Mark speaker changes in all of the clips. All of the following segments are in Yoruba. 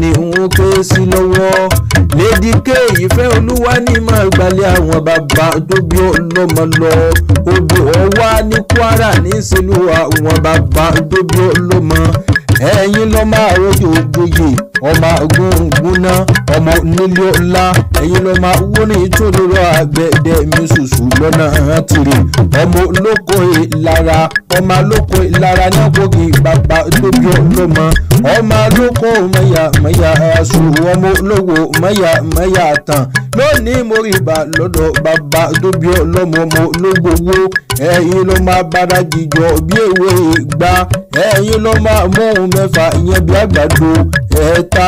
Speaker 1: ni n ké sí lọ́wọ́ Lady K ìfẹ́ olúwa ní máa gbalẹ̀ àwọn bàbá tó bí ọlọ́mọ lọ odò ọwá ní Kwara ní sílùú àwọn bàbá tó bí ọlọ́mọ ẹ̀yin ló máa rojo gboyè ọmọ gbóngbóná ọmọ nílé ọlá ẹ̀yin ló máa wóni tó lóró àgbẹ̀dẹ mi ṣùṣù lọ́nà tìrì ọmọ olóko ìlara ọmọ olóko ìlara ní gbòógì bàbá lóbi ọlọ́mọ ọmọ olóko mẹ́yà mẹ́yà aṣọ ọmọ olówó mẹ́yà mẹ́yà tán lónìí mo rí ibà lọ́dọ̀ bàbá lóbi ọlọ́mọ ọmọ ológbòwó ẹ̀yin ló máa bára jìjọ bí èwe ìgbà ẹ̀yin ló máa mú un mẹ́fà ìyẹn bí àgbàdo ẹ̀ẹ́ta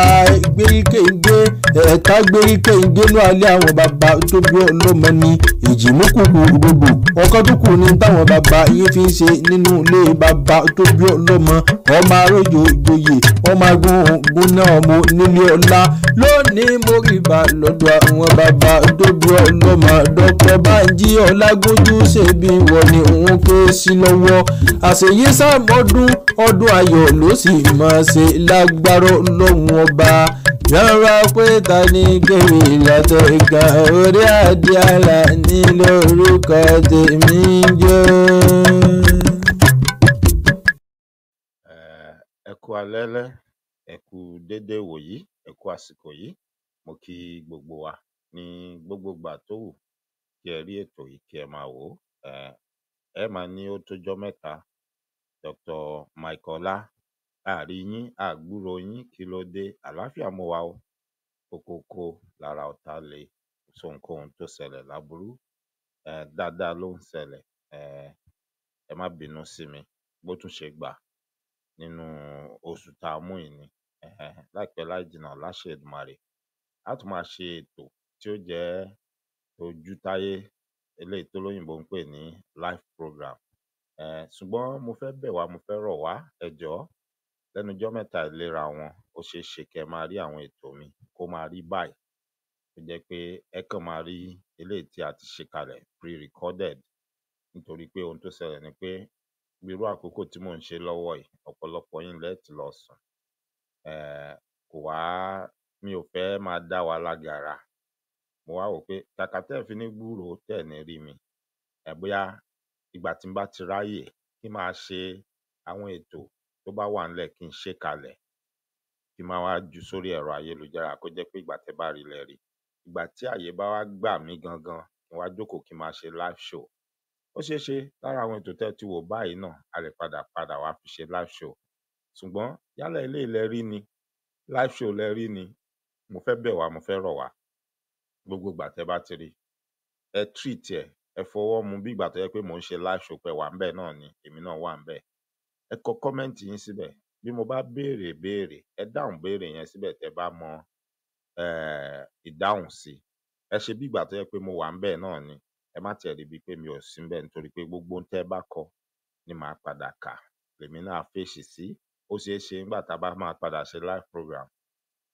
Speaker 1: gbèríkèǹgé ẹ̀ẹ́ta gbèríkèǹgé ní alẹ́ àwọn bàbá tó bí ọlọ́mọ ni èjì mú kúkú gbogbo ọkọ tó kù ní táwọn bàbá yìí fi ń ṣe nínú ilé bàbá tó bí ọlọ́mọ ọmọ arójò joyè ọmọ agún gbóná ọmọ nílé ọlá lónìí mo rí bá lọ́dọ̀ àwọn bàbá tó bí ọlọ́mọ dọ́pọ̀ báńjí ọlágójú ṣèbí wọ ni òun ké sí lọ́wọ́ àṣeyí sáà mọ́dún ọdún ayọ̀ ló sì sì máa ṣe lágbára lọ́hùn ọba yọ̀rọ̀ pé ta ni kébì ìlàtọ̀ ìgbà orí àdìálà ní lórúkọ tèmi jọ.
Speaker 2: ẹ alẹ́lẹ́ ẹ déédéé wòyí ẹ àsìkò yìí mo kí gbogbo wa ní gbogbo ìgbà tó wù kí ẹ rí ètò yìí kí ẹ máa wò ó ẹ máa ní ó tójọ́ mẹ́ta Dr. Mike Ọlá a à rí yín, a à gbúròó ọ yín, kí ló dé? Àlàáfíà mọ́ wa o. Kókókó lara ọ̀tá le, kò sóhunkóhun tó ṣẹlẹ̀ láburú, um dáadáa ló ń ṣẹlẹ̀ um ẹ má bínú sí mi bó tún ṣe gbà nínú oṣù tá a mú yìí ni um láìpẹ́ láì jìnnà láṣẹ Èdùmàrè á tún máa ṣe ètò tí ó jẹ́ tojútáyé eléyìí tólóyìnbó ń pè ní life program um ṣùgbọ́n mo fẹ́ bẹ̀ wá, mo fẹ́ rọ̀ wá, ẹ jọ̀ọ́ lẹ́nu ọjọ́ mẹ́ta yìí léra wọn ó ṣeé ṣe kẹ́ ẹ máa rí àwọn ètò mi kó máa rí báyìí tó jẹ́ pé ẹ́ kàn máa rí eléyìí tí a ti ṣe kalẹ̀ pre-recorded nítorí pé ohun tó ṣẹlẹ̀ ni pé irú àkókò tí mò ń ṣe lọ́wọ́ yìí ọ̀pọ̀lọpọ̀ yín lẹ̀ ẹ́ ti lọ sùn um kò wá mi ò fẹ́ máa dá wa lágara mo wá wò pé kàkà tẹ́ ẹ̀ fi ní gbúròó tẹ́ ẹ̀ ní rí mi um bóyá ìgbà tí n bá ti ráyè kí n máa ṣe àwọn ètò tó bá wà ńlẹ̀ kí n ṣé kalẹ̀, kí n má wá jù ú sórí ẹ̀rọ ayélujára kó jẹ́ pé ìgbà tẹ́ bá rí lẹ rí Ìgbà tí ààyè bá wá gbà mí gangan, kí wá jókòó kí n máa ṣe live show. Ó ṣe é ṣe lára àwọn ètò tẹ́ ẹ ti wò báyìí náà a lè padà padà wá fi ṣe live show. Ṣùgbọ́n yálà eléyìí lẹ rí ni, live show lẹ rí ni, mo fẹ́ bẹ̀ wá, mo fẹ́ rọ̀ wá, gbogbo ìgbà tẹ́ bá ti rí ẹ treat ẹ̀, ẹ fọwọ́ mu bí ìgbà tó jẹ́ pé mò ń ṣe live show pé ẹ wà ńbẹ̀ náà ni èmi náà wà ńbẹ̀ ẹ kọ kọmẹǹtì yín síbẹ bí mo bá béèrè ìbéèrè ẹ dáhùn béèrè yẹn síbẹ tẹ bá mọ um ìdáhùn sí ẹ ṣe bí ìgbà tó yẹ pé mo wà ńbẹ náà ni ẹ má tiẹ ríbi pé mi ò sí ńbẹ nítorí pé gbogbo ohun tẹ bá kọ ni màá padà kà lèmi náà fèsì sí ó ṣeé ṣe nígbà tá a bá máa padà ṣe live program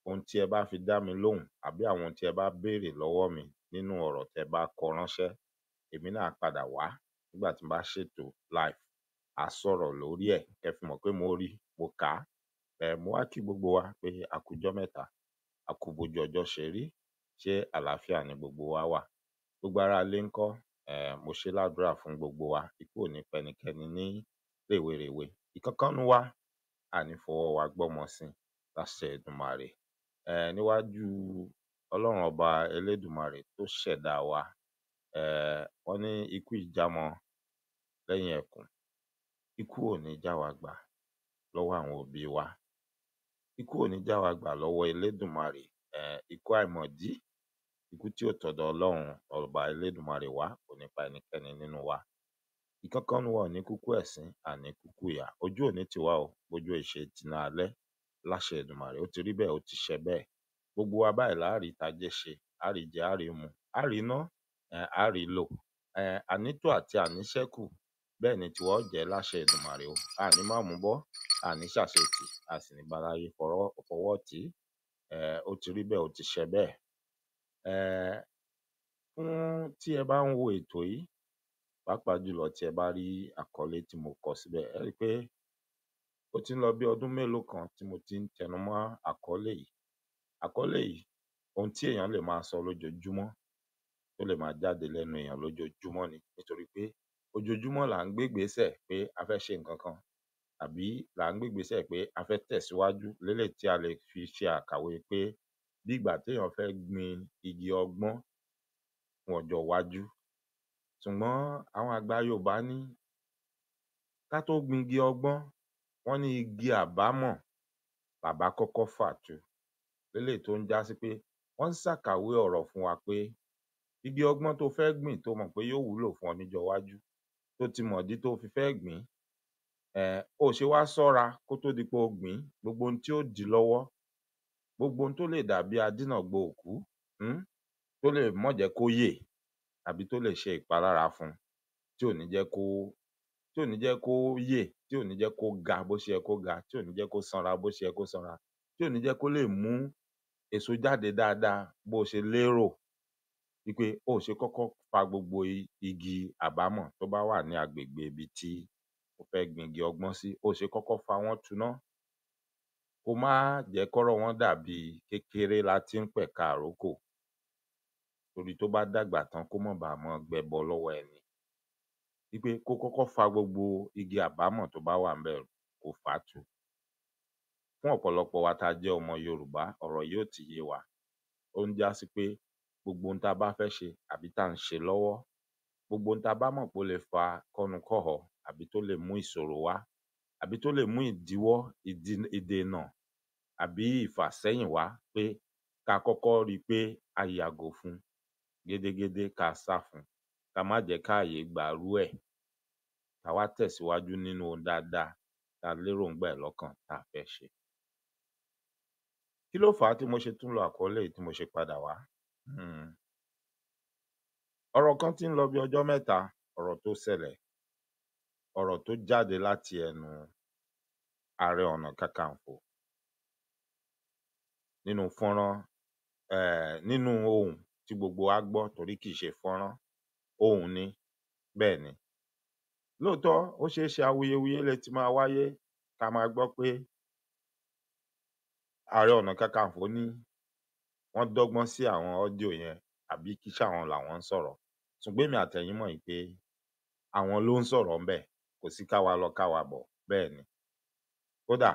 Speaker 2: ohun tí ẹ bá fi dá mi lóhùn àbí àwọn ohun tí ẹ bá béèrè lọwọ mi nínú ọrọ tẹ bá kọ ránṣẹ èmi náà padà wá nígbà tí n bá ṣètò live a sọ̀rọ̀ lórí ẹ̀ kẹ́ fi mọ̀ pé mo rí mo kà á. um Mo wá kí gbogbo wa pé a kú ijọ́ mẹ́ta, a kú bójú ọjọ́ ṣe rí, ṣé àlàáfíà ni gbogbo wa wà? Gbogbo aráalé ńkọ́? um Mo ṣe é fún gbogbo wa, ikú ò ní pa ẹnikẹ́ni ní rèwerèwe. Ìkankan nínú wa a à ní fọwọ́ wa gbọ́mọ sin láṣẹ Èdùmàrè. um Níwájú Ọlọ́run Ọba Elédùmarè tó ṣẹ̀dá wa um wọ́n ní ikú ìjamọ lẹ́yìn ẹkùn Ikú ò ní já wa gbà lọ́wọ́ àwọn òbí wa. Ikú ò ní já wa gbà lọ́wọ́ Elédùmarè. um Ikú àìmọ̀dí, ikú tí ò tọ̀dọ̀ Ọlọ́run Ọba Elédùmarè wá kò ní pa ẹnikẹ́ni nínú wa. Ìkankan nínú wa ò ní kúkú ẹ̀sín, a ò kúkú ìyà. Ojú ò ní o, bójú ò ṣe tiná láṣẹ Èdùmàrè. Ó ti rí bẹ́ẹ̀, ó ti ṣẹ bẹ́ẹ̀. Gbogbo wa báyìí lá rí tajé ṣe, á rí jẹ, á rí mu, á ríná, um á rí lò. um Ànítò àti àníṣẹ́kù bẹ́ẹ̀ ni tiwa ó jẹ́ láṣẹ Èdùmàrè o a ní má mú bọ́ a ní ṣàṣetì a sì ní báláyé fọwọ́ tì í um ó ti rí bẹ́ẹ̀ ó ti ṣe bẹ́ẹ̀ um fún tí ẹ bá ń wo ètò yìí pàápàá jùlọ tí ẹ bá rí àkọlé tí mo kọ síbẹ̀ ẹ rí pé ó ti ń lọ bí ọdún mélòó kan tí mo ti ń tẹnu mọ́ àkọlé yìí àkọlé yìí ohun tí èèyàn lè máa sọ lójoojúmọ́ tó lè máa jáde lẹ́nu èèyàn lójoojúmọ́ ni nítorí pé ojoojúmọ́ là ń gbé ìgbésẹ̀ pé a fẹ́ ṣe nǹkan kan àbí là ń gbé ìgbésẹ̀ pé a fẹ́ tẹ̀síwájú léléyìí tí a lè fi ṣe àkàwé pé bí ìgbà téèyàn fẹ́ gbin igi ọgbọ́n fún ọjọ́ iwájú ṣùgbọ́n àwọn àgbà Yorùbá ní ká tó gbin igi ọgbọ́n, wọ́n ní igi àbámọ̀ bàbá kọ́kọ́ fàtu léléyìí tó ń já sí pé wọ́n ń ṣàkàwé ọ̀rọ̀ fún wa pé igi ọgbọ́n to fẹ́ gbìn to mọ̀ pé yóò wúlò fún ọ lọ́jọ́ iwájú tó ti mọ̀dí tó fi fẹ́ gbìn ín um o ṣe wá ṣọ́ra kó tó di pé o gbìn ín gbogbo ohun tí ó dì í lọ́wọ́, gbogbo ohun tó lè dàbí adínàgbò òkú um tó lè má jẹ́ kó yè tàbí tó lè ṣe ìpalára fún un tí ò ní jẹ́ kó tí ò ní jẹ́ kó yè, tí ò ní jẹ́ kó ga bó ṣe yẹ kó ga, tí ò ní jẹ́ kó sanra bó ṣe yẹ kó sanra, tí ò ní jẹ́ kó lè mú èso jáde dáadáa bó ṣe lérò wípé o ò ṣe kọ́kọ́ fa gbogbo igi àbámọ̀ tó bá wà ní agbègbè ibi tí o fẹ́ gbin igi ọgbọ́n sí, o ò ṣe kọ́kọ́ fa wọ́n tuná, ko má jẹ́ kọ́rọ̀ wọ́n dàbí kékeré la tí ń pẹ̀ka ìrókò torí tó bá dàgbà tán kó má baà máa gbẹbọ lọ́wọ́ ẹni. Wípé kó kọ́kọ́ fa gbogbo igi àbámọ̀ tó bá wà ńbẹ̀ kó fà tu. Fún ọ̀pọ̀lọpọ̀ wa tá a jẹ́ ọmọ Yorùbá ọ̀rọ̀ yìí ò tí yé wa, ó ń já sí pé gbogbo ohun tá a bá fẹ́ ṣe àbí tá à ń ṣe lọ́wọ́, gbogbo ohun tá a bá mọ̀ pé ó lè fa kọ́nu-kọ́họ àbí tó lè mú ìṣòro wá àbí tó lè mú ìdíwọ́, ìdènà àbí ìfàsẹ́yìn wá pé ká kọ́kọ́ ri pé a yàgò fún gédégédé, ká sá fún un, má jẹ̀ kí gba irú ẹ̀, ká wá tẹ̀síwájú nínú ohun dáadáa tá a ẹ̀ lọ́kàn tá a fẹ́ ṣe. Kí ló fà á tí mo ṣe tún lo àkọ́lé yìí tí mo ṣe padà wá? Hmm. ọ̀rọ̀ kan tí ń lọ bí ọjọ́ mẹ́ta ọ̀rọ̀ tó ṣẹlẹ̀ ọ̀rọ̀ tó jáde láti ẹnu ààrẹ ọ̀nà kakanfò nínú fọ́nrán eh, nínú ohùn tí gbogbo wa gbọ́ torí kì í ṣe fọ́nrán ohùn ni bẹ́ẹ̀ ni lóòótọ́ ó ṣeé ṣe awuyewuye lè ti máa wáyé ka máa gbọ́ pé ààrẹ ọ̀nà kakanfò ní wọn dọgbọn sí àwọn ọdíò yẹn àbí kì í ṣàwọn làwọn ń sọrọ ṣùgbọn èmi àtẹyìn mọ pé àwọn ló ń sọrọ ńbẹ kò sí káwa lọ káwa bọ bẹẹ ni kódà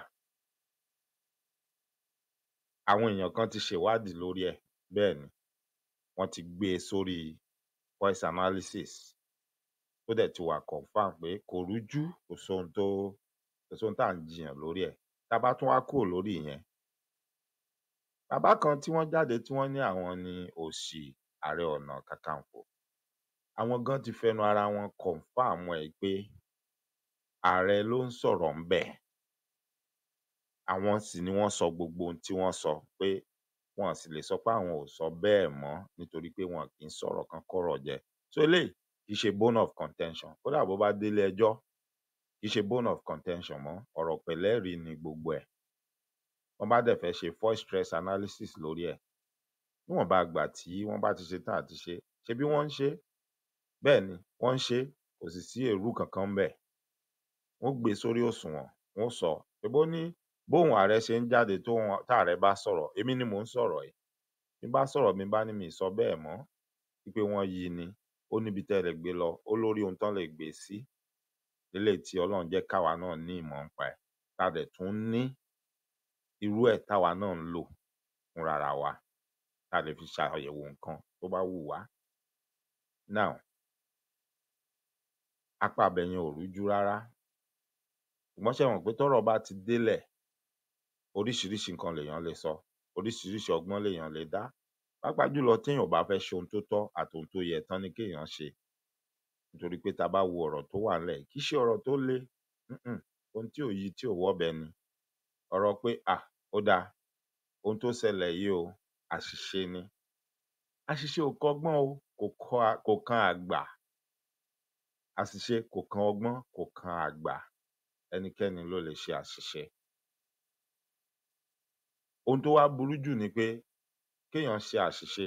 Speaker 2: àwọn èèyàn kan ti ṣèwádìí lórí ẹ bẹẹ ni wọn ti gbé e sórí voice analysis tó dẹ ti wà confam pé kò rújú kò sóhun tó kò sóhun tá à ń jiyàn lórí ẹ tá a bá tún wá kúrò lórí ìyẹn bàbá kan tí wọn jáde tí wọn ní àwọn ní òsì ààrẹ ọnà kakanfò àwọn gan ti fẹnu ara wọn kọńfàmù ẹ pé ààrẹ ló ń sọrọ ńbẹ àwọn sì ni wọn sọ gbogbo ohun tí wọn sọ pé wọn sì lè sọ pé àwọn ò sọ bẹẹ mọ nítorí pé wọn kì í sọrọ kan kọrọ jẹ so eléyìí kì í ṣe bone of contention kódà bó bá délé ẹjọ kì í ṣe bone of contention mọ ọrọ pẹlẹrìí ni gbogbo ẹ Tán bá dẹ̀ fẹ́ ṣe fuel stress analysis lórí ẹ̀, níwọ̀nba ìgbà tí wọ́n bá ti ṣetán àti ṣe é, ṣebí wọ́n ń ṣe é. Bẹ́ẹ̀ni, wọ́n ń ṣe kò sì sí èrú kankan ńbẹ̀. Wọ́n ó gbé e sórí òṣùwọ̀n, wọ́n ó sọ ọ́. Ṣèbó ní bóhùn ààrẹ ṣe ń jáde tóhùn táàrẹ bá sọ̀rọ̀, èmi ni mò ń sọ̀rọ̀ yìí. Bí n bá sọ̀rọ̀ mi bá ní mi ì sọ bẹ́ẹ̀ mọ́ wípé wọ́n yí i ni, ó níbi tẹ́ ẹ lè gbé e lọ, ó lórí ohun tán lè gbé e sí, eléyìí tí Ọlọ́run jẹ́ káwa náà ní ìmọ̀ ńpa ẹ̀, táa dẹ̀ tún ní irú ẹ̀ táwa náà ń lò fúnra ra wa tá lè fi ṣàyẹ̀wò nǹkan tó bá wù wá. Now, apá ibẹ̀yẹn ò rújú rárá ṣùgbọ́n ṣẹ mọ̀ pé tọ́rọ̀ bá ti délẹ̀ oríṣiríṣi nǹkan lèèyàn lè sọ, oríṣiríṣi ọgbọ́n lèèyàn lè dá pàápàá jùlọ téèyàn ò bá fẹ́ ṣohun tó tọ́ àti ohun tó yẹ tán ní kéèyàn ṣe nítorí pé ta bá wo ọ̀rọ̀ tó wà ńlẹ̀ kìí ṣe ọ̀rọ̀ tó le um ohun tí ò yi tí ò wọ́bẹ ni ọ̀rọ̀ pé um ó dáa ohun tó ṣẹlẹ̀ yìí o àṣìṣe ni. Àṣìṣe ò kọ́gbọ́n o, kò kan àgbà. Àṣìṣe kò kan ọgbọ́n, kò kan àgbà. Ẹnikẹ́ni ló lè ṣe àṣìṣe. Ohun tó wá burú jù ni pé kéèyàn ṣe àṣìṣe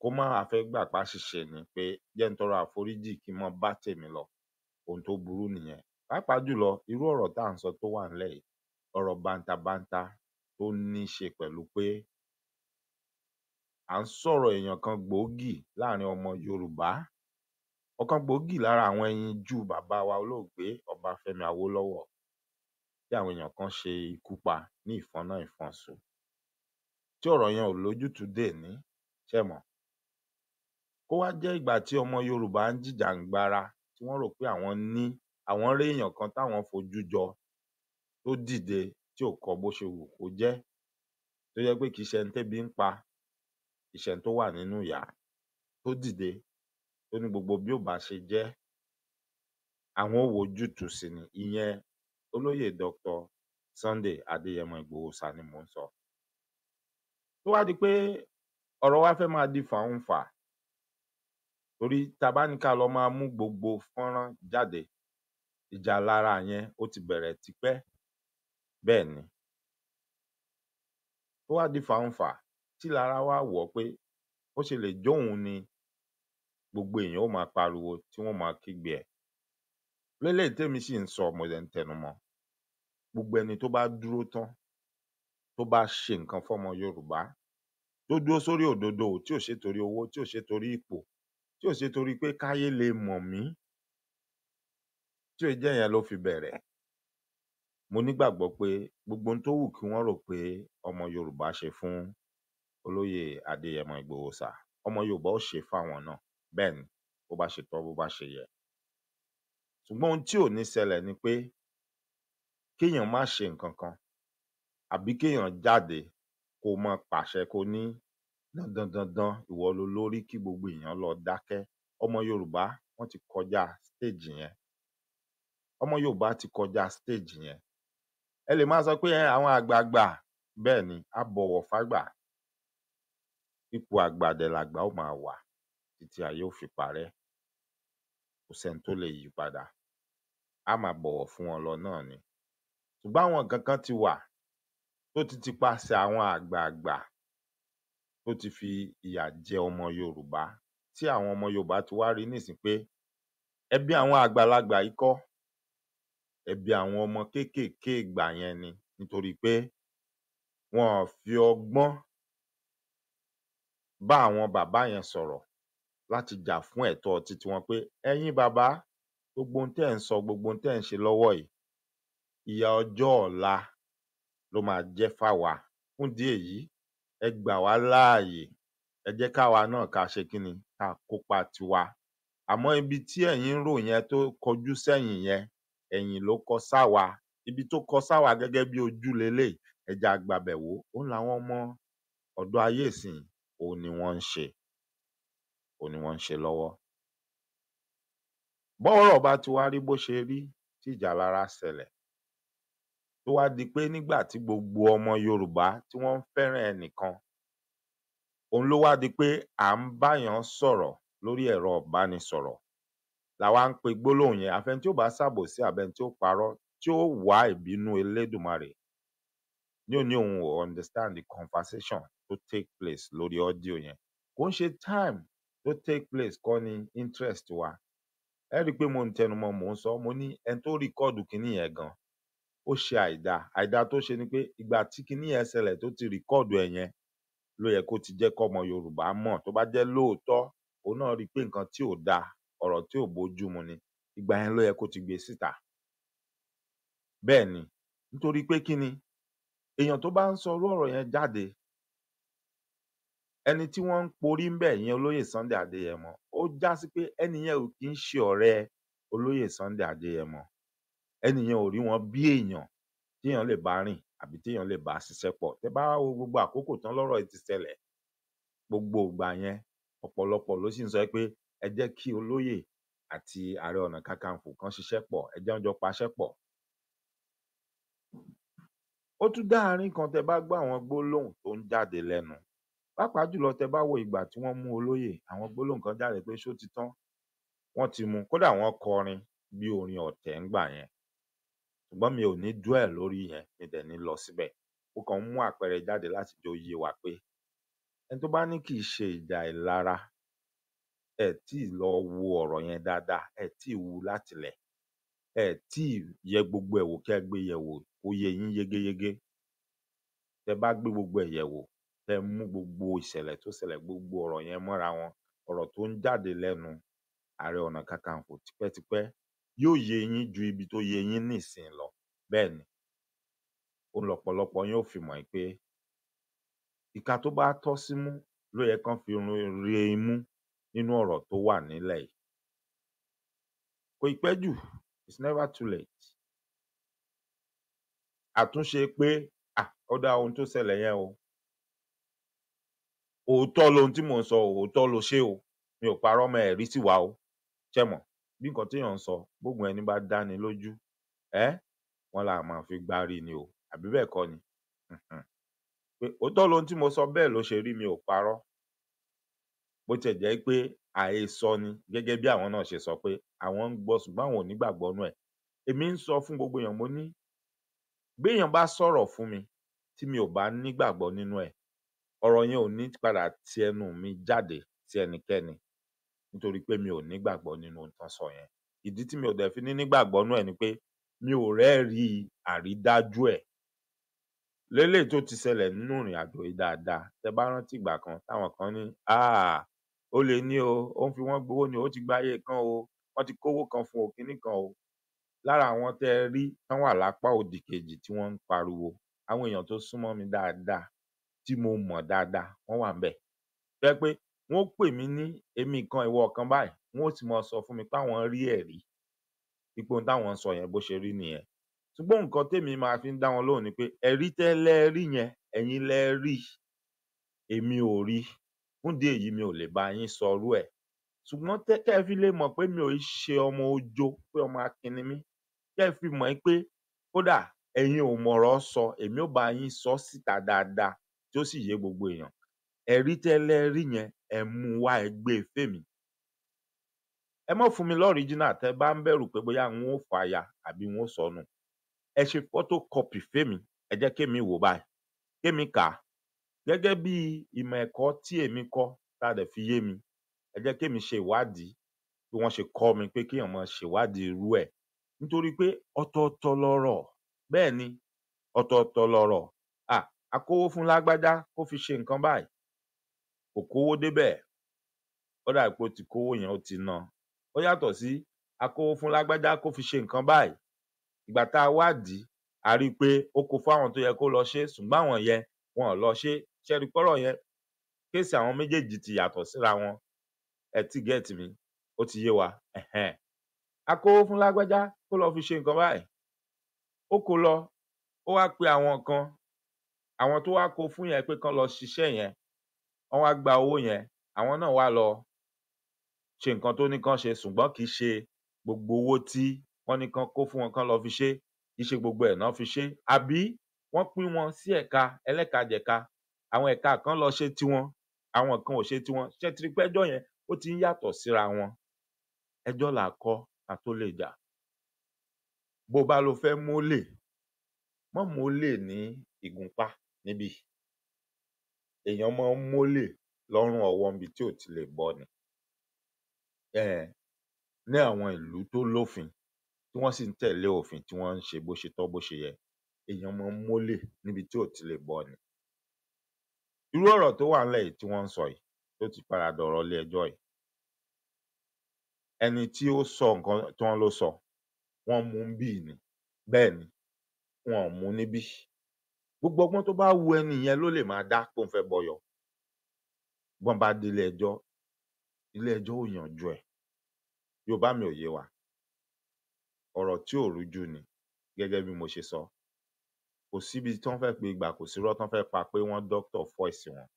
Speaker 2: kó má wá fẹ́ gbà páṣìṣe ni pé jẹ́ ń tọrọ àforíjì kí n máa bá tèmi lọ. Ohun tó burú nìyẹn. Pàápàá jùlọ irú ọ̀rọ̀ tá à ń sọ tó wà ńlẹ̀ yìí ọ̀rọ̀ bàǹtàbanta tó ní í ṣe pẹ̀lú pé à ń sọ̀rọ̀ èèyàn kan gbòógì láàrin ọmọ Yorùbá. Ọ̀kan gbòógì lára àwọn ẹyinjú bàbá wa olóògbé Ọbáfẹ́mi Awólọ́wọ̀ tí àwọn èèyàn kan ṣe ikú pa ní ìfọ́nà ìfọ́nsu. Tí ọ̀rọ̀ yẹn ò lójútùú dèní ṣẹ mọ̀, kó wá jẹ́ ìgbà tí ọmọ Yorùbá ń jìjàǹgbara tí wọ́n rò pé àwọn ní àwọn réèyàn kan táwọn fojú jọ tó dìde tí ò kọ bó ṣe wù kó jẹ́ tó jẹ́ pé kì í ṣe ẹni tébi ń pa, kì í ṣe ẹni tó wà nínú ìyà tó dìde tó ní gbogbo bí ò bá ṣe jẹ́ àwọn ó wojútùú sí ni. Ìyẹn olóyè Dr. Sunday Adéyẹmọ Ìgbòho ni mò ń sọ. Tó wá di pé ọ̀rọ̀ wá fẹ́ máa di fàùnfà torí ta bá ní ká lọ máa mú gbogbo fọ́nrán jáde, ìjà lára yẹn ó ti bẹ̀rẹ̀ tipẹ́ Bẹ́ẹ̀ ni, ó wá di fànfà tílara wá wọ̀ ọ́ pé bó ṣe lè jóun ni gbogbo èèyàn ó máa pariwo tí wọ́n ó máa kígbe ẹ̀. Leléyìí témi sì ń sọ mo dẹ̀ ń tẹnumọ́ ọn. Gbogbo ẹni tó bá dúró tán, tó bá ṣe nǹkan fọ́mọ Yorùbá, tó dúró sórí òdodo o, tí ò ṣe é torí owó, tí ò ṣe é torí ipò, tí ò ṣe é torí pé káyé le mọ̀ mí, tí ò jẹ́ ìyẹn ló fi bẹ̀rẹ̀ mo nígbàgbọ pé gbogbo ohun tó wù kí wọn rò pé ọmọ yorùbá ṣe fún olóyè adéyẹmọ ìgbòho sáà ọmọ yorùbá ó ṣe é fáwọn náà bẹẹ ni bó bá ṣe tọ bó bá ṣe yẹ ṣùgbọn ohun tí ò ní ṣẹlẹ ni pé kéèyàn má ṣe nǹkan kan àbí kéèyàn jáde kó máa pàṣẹ kó ní dandan dandan ìwọ lolórí kí gbogbo èèyàn lọ dákẹ ọmọ yorùbá wọn ti kọjá stage yẹn ọmọ yorùbá ti kọjá stage yẹn ẹ lè máa sọ pé àwọn àgbààgbà bẹ́ẹ̀ ni a bọ̀wọ̀ fágbà ipò àgbà dẹ̀ làgbà ó máa wà títí ayé ó fi parẹ́ kò sẹ́ni tó lè yí i padà á máa bọ̀wọ̀ fún wọn lọ náà ni ṣùgbọ́n àwọn nǹkan kan ti wà tó ti tipasẹ àwọn àgbààgbà tó ti fi ìyà jẹ ọmọ Yorùbá tí àwọn ọmọ Yorùbá ti wá rí nísìnyí pé ẹbí àwọn àgbàlagbà yìí kọ́ ẹ̀bi àwọn ọmọ kéékèèké ìgbà yẹn ni nítorí pé wọn ò fi ọgbọ́n bá àwọn bàbá yẹn sọ̀rọ̀ láti jà fún ẹ̀tọ́ titiwọn pé ẹ̀yin bàbá gbogbo ohun tẹ́ ẹ̀ ń sọ, gbogbo ohun tẹ́ ẹ̀ ń ṣe lọ́wọ́ yìí ìyà ọjọ́ ọ̀la ló máa jẹ́ fáwa. Fún èyí, ẹ gbà wá láàyè, ẹ jẹ́ káwa náà ká ṣe kí Ká kópa tiwa. Àmọ́ ibi tí ẹ̀yin ń rò yẹn tó kọjú sẹ́yìn yẹn ẹ̀yìn ló kọ sáwa ibi tó kọ sáwa gẹ́gẹ́ bí ojú leléyìí ẹ jẹ́ á gbabẹ̀ wò ó òun làwọn ọmọ ọ̀dọ́ ayé ìsìn òun ni wọ́n ń ṣe òun ni wọ́n ń ṣe lọ́wọ́ bọ́rọ̀ bá ti wá rí bó ṣe rí tí lára ṣẹlẹ̀ tó wá di pé nígbà tí gbogbo ọmọ Yorùbá tí wọ́n ń fẹ́ràn ẹnìkan òun ló wá di pé à ń báyàn sọ̀rọ̀ lórí ẹ̀rọ ìbánisọ̀rọ̀ la wá ń pe gbólóhùn yẹn àfẹn tí ó bá ṣàbòsí àbẹn tí ó parọ́ tí ó wá ìbínú Elédùmarè ní òní òun ò understand the conversation tó take place lórí audio yẹn kò ń ṣe time tó take place kọ́ ni interest wa ẹ rí i pé mo ń tẹnumọ́ mò ń sọ mo ní ẹni tó rìkọ́ọ̀dù kínní yẹn gan ó ṣe àìdáa àìdáa tó ṣe ni pé ìgbà tí kínní yẹn ṣẹlẹ̀ tó ti rìkọ́ọ̀dù ẹ̀ yẹn ló yẹ kó ti jẹ́ kọ́mọ Yorùbá mọ̀ tó bá jẹ́ lóòótọ́ òun náà rí i pé nǹkan tí ò dáa ọrọ tí ò bójú mu ni ìgbà yẹn ló yẹ kó ti gbé e síta bẹẹ ni nítorí pé kí ni èèyàn tó bá ń sọ irú ọrọ yẹn jáde ẹni tí wọn ń porí ńbẹ ìyẹn olóyè sunday adéyẹmọ ó já sí pé ẹni yẹn ò kì í ṣe ọrẹ olóyè sunday adéyẹmọ ẹni yẹn ò rí wọn bí èèyàn téèyàn lè bá rìn àbí téèyàn lè bá ṣiṣẹ pọ tẹ bá wo gbogbo àkókò tán lọrọ yìí ti ṣẹlẹ gbogbo ìgbà yẹn ọpọlọpọ ló sì ń sọ pé ẹ jẹ́ kí olóyè àti ààrẹ ọ̀nà kakanfò kán ṣiṣẹ́ pọ̀, ẹ jẹ́ kán jọ paṣẹ́ pọ̀. Ó tún dá àárín kan tẹ bá gbọ́ àwọn gbólóhùn tó ń jáde lẹ́nu pàápàá jùlọ tẹ bá wo ìgbà tí wọ́n mú olóyè àwọn gbólóhùn kan jáde pé ṣó ti tán, wọ́n ti mu kódà wọ́n kọrin bí orin ọ̀tẹ̀ ńgbà yẹn ṣùgbọ́n mi ò ní dwell lórí ìyẹn mi dẹ̀ ní lọ síbẹ̀. Mo kàn ń mú àpẹẹrẹ jáde láti jẹ́ ó yé wa pé ẹni tó bá ní kì í ṣe ìjà ìlara ẹ tí ì lọ wo ọ̀rọ̀ yẹn dáadáa, ẹ tí ì wò ó látilẹ̀, ẹ tí ì yẹ gbogbo ẹ̀ wò kí ẹ gbé e yẹ̀wò kó yé yín yégéyégé. Tẹ bá gbé gbogbo ẹ̀ yẹ̀wò, tẹ mú gbogbo ìṣẹ̀lẹ̀ tó ṣẹlẹ̀, gbogbo ọ̀rọ̀ yẹn mọ́ra wọn, ọ̀rọ̀ tó ń jáde lẹ́nu Ààrẹ Ọ̀nà Kakanfò tipẹ́tipẹ́ yóò yé yín ju ibi tó yé yín nísìnyìí lọ. Bẹ́ẹ̀ ni, òun lọ̀pọ̀lọpọ̀ yín fi mọ̀ pé ìka tó bá tọ́ símú ló yẹ kán fi re imú nínú ọ̀rọ̀ tó wà nílẹ̀ yìí. Kò ì pẹ́ jù, it's never too late. Àtúnṣe pé ah. ó dáa ohun tó ṣẹlẹ̀ yẹn o, òótọ́ lohun tí mò ń sọ o, òótọ́ lo ṣé o, mi ò parọ́ mọ́ ẹ, ẹ̀rí sì wà o. Ṣẹ mọ̀ bí nǹkan téèyàn ń sọ bóògùn ẹni bá dáni lójú um wọ́n láá máa fi gbárí ni o àbí bẹ́ẹ̀ kọ́ ni um pé òótọ́ lohun tí mo sọ bẹ́ẹ̀ ló ṣe rí mi ò parọ́ bó tiẹ̀ jẹ́ pé àhesọ ni gẹ́gẹ́ bí àwọn náà ṣe sọ pé àwọn ń gbọ́ ṣùgbọ́n àwọn ò nígbàgbọ́ nínú ẹ̀ èmi ń sọ fún gbogbo èèyàn mo ní béèyàn bá sọ̀rọ̀ fún mi tí mi ò bá nígbàgbọ́ nínú ẹ̀ ọ̀rọ̀ yẹn ò ní padà ti ẹnu mi jáde sí ẹnikẹ́ni nítorí pé mi ò nígbàgbọ́ nínú ohun tán sọ yẹn ìdí tí mi ò dẹ̀ fi ní nígbàgbọ́ nínú ẹ̀ ni pé mi ò rẹ́ẹ̀rí àrídájú ẹ̀ lélèyìí tó ti ṣẹlẹ̀ nínú ìrìn àjò yìí dáadáa tẹ́ bá rántí ìgbà kan táwọn kan ní háà olè ni o ó ń fi wọn gbowó ni o ó ti gbáyé kan o wọn ti kówó kan fún o kinní kan o lára àwọn tẹ ẹ rí tán wà lápá òdì kejì tí wọn ń pariwo àwọn èèyàn tó súnmọ́ mi dáadáa tí mo mọ̀ dáadáa wọn wà ńbẹ̀ tó jẹ́ pé wọn ó pè mí ní èmi kan ìwọ kan báyìí wọn ó sì máa sọ fún mi páwọn rí ẹ̀rí ipò táwọn ń sọ yẹn bó ṣe rí nìyẹn ṣùgbọ́n nǹkan tèmi máa fi ń dá wọn lóhùn ni pé ẹ̀rí tẹ́ lẹ rí yẹn ẹ̀yin lẹ rí èmi ò rí fúndìí èyí mi ò lè bá yín sọrú ẹ ṣùgbọn tẹ ẹ fi lè mọ pé mi ò ṣe ọmọ ojo pé ọmọ akin ni mí fi mọ pé kódà ẹ̀yin ò mọrọ sọ èmi ò bá yín sọ síta dáadáa tí ó sì yé gbogbo èèyàn ẹ̀rí tẹ́lẹ̀ rí yẹn ẹ mú wá ẹ e fèmí ẹ fún mi tẹ bá ń pé bóyá n ó àbí n ó sọnù ẹ ṣe fèmí ẹ kémi gẹ́gẹ́ bí ìmọ̀ ẹ̀kọ́ tí èmi kọ́ tá dẹ̀ fi yé mi ẹ jẹ́ kémi ṣe ìwádìí bí wọ́n ṣe kọ́ mi pé kéèyàn máa ṣèwádìí irú ẹ̀ nítorí pé ọ̀tọ̀ọ̀tọ̀ lọ̀rọ̀ bẹ́ẹ̀ ni ọ̀tọ̀ọ̀tọ̀ lọ̀rọ̀ um a kówó fún lágbájá kó fi ṣe nǹkan báyìí kò kówó débẹ̀ ó dà pé ó ti kówó yẹn ó ti na ó yàtọ̀ sí a fún lágbájá kó fi ṣe nǹkan báyìí ìgbà tá a wádìí a rí i pé ó ko fáwọn tó yẹ kó lọ ṣe é ṣùgbọ́n àwọn yẹn wọn ò lọ ṣe é ṣẹ́ni pọ́rọ̀ yẹn kéèsì àwọn méjèèjì ti yàtọ̀ síra wọn ẹ ti gẹ́ẹ̀tì mi ó ti yé wa a kó fún lágbájá kó lọ fi ṣe nǹkan báyìí ó kó lọ ó wá pe àwọn kan àwọn tó wá kó fún yẹn pé kán lọ ṣiṣẹ́ yẹn wọ́n wá gba owó yẹn àwọn náà wá lọ ṣe nǹkan tó ní kán ṣe ṣùgbọ́n kì í ṣe gbogbo owó tí wọ́n ní kán kó fún wọn kán lọ fi ṣe kì í ṣe gbogbo ẹ̀ náà fi ṣe àbí wọ́n pín wọn sí ẹ̀ka ẹlẹ́kajẹ̀ka àwọn ẹ̀ka kan lọ ṣe tiwọn àwọn kan ò ṣe tiwọn ṣe ti rí pẹ́jọ́ yẹn ó ti ń yàtọ̀ síra wọn ẹjọ́ là kọ ká tó lè jà bó bá lo fẹ́ mólè mọ́ mólè ní ìgúnpá níbí èèyàn máa ń mólè lọ́rùn ọwọ́ níbi tí ò ti lè bọ́ ni um ní àwọn ìlú tó lófin tí wọ́n sì ń tẹ̀lé òfin tí wọ́n ń ṣe bó ṣe tọ́ bó ṣe yẹ èèyàn máa ń mólè níbi tí ò ti lè bọ́ ni irú ọ̀rọ̀ tó wà ńlẹ̀ yìí tí wọ́n ń sọ yìí ló ti padà dọ̀rọ̀ ilé-ẹjọ́ yìí ẹni tí ó sọ nǹkan tí wọ́n ló sọ wọ́n mú un bíi ni bẹ́ẹ̀ ni wọn ò mú níbí gbogbo ọgbọ́n tó bá wu ẹni yẹn ló lè máa dá póun fẹ́ bọyọ bọ́n bá délé ẹjọ́ ilé-ẹjọ́ ò yanjú ẹ̀ yorùbá mi ò wa ọ̀rọ̀ tí ò rújú ni gẹ́gẹ́ bí mo ṣe sọ kò síbi tí wọn fẹẹ pé ìgbà kò sírọ tí wọn fẹẹ pa pé wọn dókítà fọìsì wọn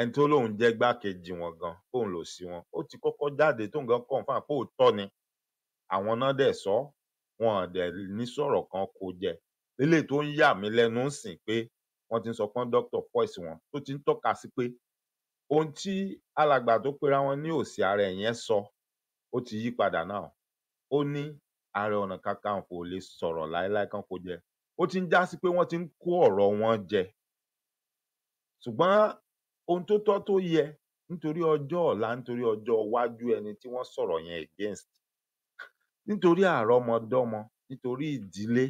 Speaker 2: ẹni tó lóun jẹ igbákejì wọn gan òun lò sí wọn ó ti kọ́kọ́ jáde tóun gan confam pé òótọ́ ni àwọn náà dẹ sọ wọn dẹ ní sọ̀rọ̀ kan kò jẹ lélẹ tó ń yà mí lẹ́nu ń sìn pé wọn ti ń sọ pé dókítà fọìsì wọn tó ti ń tọ́ka sí pé ohun tí alàgbà tó pera wọn ní òsì ara ẹ yẹn sọ ó ti yí padà náà ó ní ààrẹ ọnà kakanfò lè sọ̀rọ̀ láéláé kan kò jẹ ó ti ń já sí pé wọ́n ti ń kó ọrọ wọn jẹ ṣùgbọ́n ohun tó tọ tó yẹ nítorí ọjọ ọla nítorí ọjọ iwájú ẹni tí wọn sọrọ yẹn against nítorí nitori nítorí ìdílé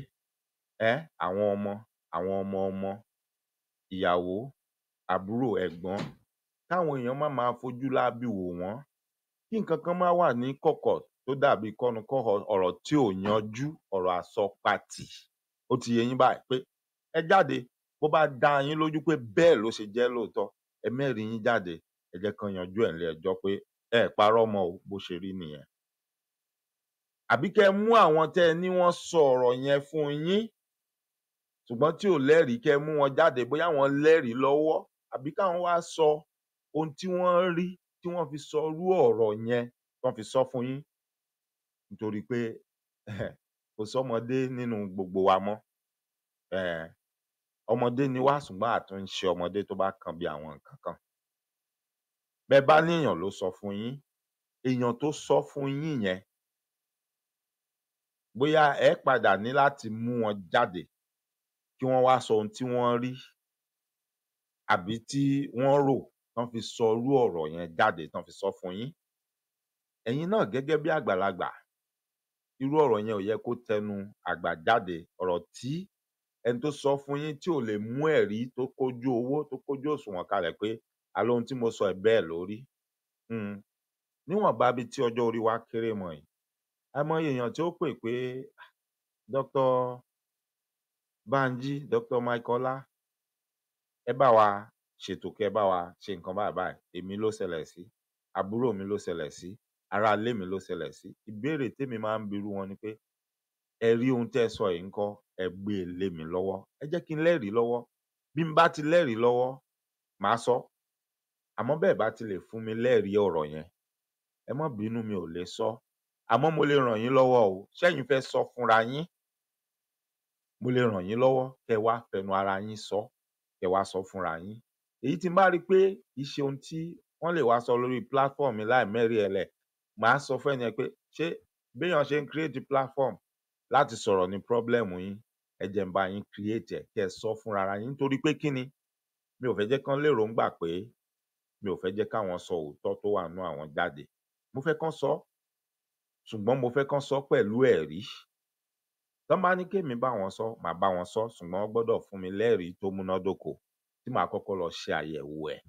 Speaker 2: ẹ àwọn ọmọ àwọn ọmọ ọmọ ìyàwó àbúrò ẹ̀gbọ́n káwọn èèyàn má máa fojú labi wò wọn kí nǹkan kan má wà ní kọ̀kọ̀ tó dàbí oro ti tí ò yanjú aso àsọpatì ó ti yé yín báyìí pé ẹ jáde bó bá dá yín lójú pé bẹ́ẹ̀ ló ṣe jẹ́ lóòótọ́ ẹ mẹ́rìí yín jáde ẹ jẹ́ kán yanjú ẹ̀ nílé ẹjọ́ pé ẹ parọ́ mọ́ o bó ṣe rí nìyẹn àbí kẹ́ mú àwọn tẹ́ ẹ ní wọ́n sọ ọ̀rọ̀ yẹn fún yín ṣùgbọ́n tí ò lẹ́rìí kẹ́ mú wọn jáde bóyá wọ́n lẹ́rìí lọ́wọ́ àbí káwọn wá sọ ohun tí wọ́n rí tí wọ́n fi sọ irú ọ̀rọ̀ yẹn tí wọ́n fi sọ fún yín nítorí pé kò sọ́mọdé nínú gbogbo wa mọ́ um ọmọdé ni wá ṣùgbọ́n à tún ń ṣe ọmọdé tó bá kan bi àwọn nǹkan kan bẹ bá léèyàn ló sọ fún yín èèyàn tó sọ fún yín yẹn bóyá ẹ padà ní láti mú wọn jáde kí wọn wá sọ ohun tí wọn rí àbí tí wọn rò tán fi sọ irú ọ̀rọ̀ yẹn jáde tán fi sọ fún yín ẹ̀yin náà gẹ́gẹ́ bí àgbàlagbà irú ọrọ yẹn ò yẹ kó tẹnu àgbà jáde ọrọ tí ẹni tó sọ fún yín tí ò lè mú ẹrí tó kójú owó tó kójú òṣùwọn kalẹ pé àlọ ohun tí mo sọ ẹ bẹẹ ló rí hmm. níwọnba bíi tí ọjọ orí wa kéré mọ yìí àìmọye èèyàn tí ó pè pé dr banji dr mike ọlá ẹ bá wa ṣètò kẹ ẹ bá wa ṣe nǹkan báyìí báyìí èmi ló ṣẹlẹ sí àbúrò mi ló ṣẹlẹ sí aráalé mi ló ṣẹlẹ̀ sí ìbéèrè tèmi máa ń birú wọn ni pé ẹ rí ohun tẹ́ ẹ sọ yìí ńkọ́ ẹ gbé e lé mi lọ́wọ́ ẹ jẹ́ kí n lẹ́rìí lọ́wọ́ bí n bá ti lẹ́rìí lọ́wọ́ màá sọ àmọ́ bẹ́ẹ̀ bá ti lè fún mi lẹ́rìí ọ̀rọ̀ yẹn ẹ má bínú mi ò lè sọ àmọ́ mo lè ràn yín lọ́wọ́ o ṣẹ́yìn fẹ́ sọ fúnra yín mo lè ràn yín lọ́wọ́ kẹ́ wá fẹnu ara yín sọ kẹ́ wá sọ fúnra yín èyí tí bá rí i pé kì ohun tí wọ́n lè wá sọ lórí platform láì mẹ́rí ẹlẹ̀ màá sọ fún ẹnìyẹn pé ṣé béèyàn ṣe ń create platform láti sọ̀rọ̀ ni problem yín ẹ jẹ́ n bá yín create ẹ̀ kẹ́ ẹ sọ fúnra ara yín nítorí pé kí ni mi ò fẹ́ jẹ́ kán léròńgbà pé mi ò fẹ́ jẹ́ káwọn sọ òótọ́ tó wà nú àwọn jáde mo fẹ́ kán sọ ṣùgbọ́n mo fẹ́ kán sọ pẹ̀lú ẹ̀rí tán bá ní kémi bá wọn sọ màá bá wọn sọ ṣùgbọ́n wọ́n gbọ́dọ̀ fún mi lẹ́rìí tó múnádóko tí màá kọ́kọ́ lọ ṣe àyẹ̀wò ẹ̀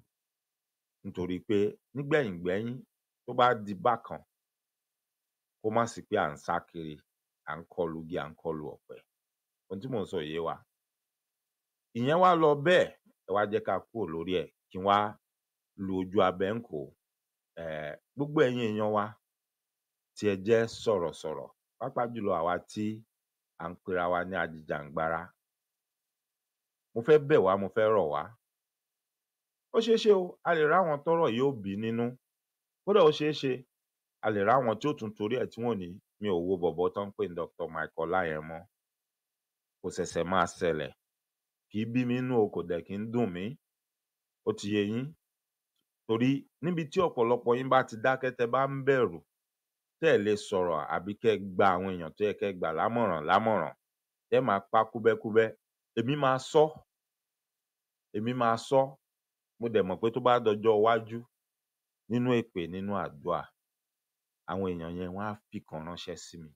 Speaker 2: nítorí pé nígbẹ̀yìngbẹ́yín tó bá di bákan kó má sí pé à ń sá kiri, à ń kọlu igi, à ń kọlu ọ̀pẹ. Ohun tí mò ń sọ yé wa. Ìyẹn wá lọ bẹ́ẹ̀, ẹ wá jẹ́ ká kúrò lórí ẹ̀ kí wá lu ojú abẹ́ ńkòó. um Gbogbo ẹ̀yin èèyàn wa tí ẹ jẹ́ sọ̀rọ̀sọ̀rọ̀ pàápàá jùlọ àwa tí à ń pera wa ní ajìjàǹgbara, mo fẹ́ bẹ̀ wá, mo fẹ́ rọ̀ wá, ó ṣeé ṣe o, a lè ráwọn tọ́rọ̀ yìí ó bí nínú kódà ó ṣeé ṣe a lè ráwọn tí ó tún torí ẹ tí wọn ní mi ò wo bọbọ tó ń pè ní Dr. Michael Ọlá yẹn mọ kò ṣẹ̀ṣẹ̀ máa ṣẹlẹ̀ kì í bí mi nínú o kò dẹ̀ kí ń dùn mí ó ti yé yín torí níbi tí ọ̀pọ̀lọpọ̀ yín bá ti dákẹ́ tẹ́ bá ń bẹ̀rù tẹ́ ẹ̀ lè sọ̀rọ̀ àbí kẹ́ ẹ gba àwọn èèyàn tó yẹ kẹ́ ẹ gbà lámọ̀ràn lámọ̀ràn tẹ́ ẹ máa pa kúbẹ́kúbẹ́ èmi máa sọ èmi máa sọ mo dẹ̀ mọ̀ pé tó bá dọjọ́ iwájú nínú èpè, nínú àdúà, àwọn èèyàn yẹn wọ́n á fìkan ránṣẹ́ sí mi.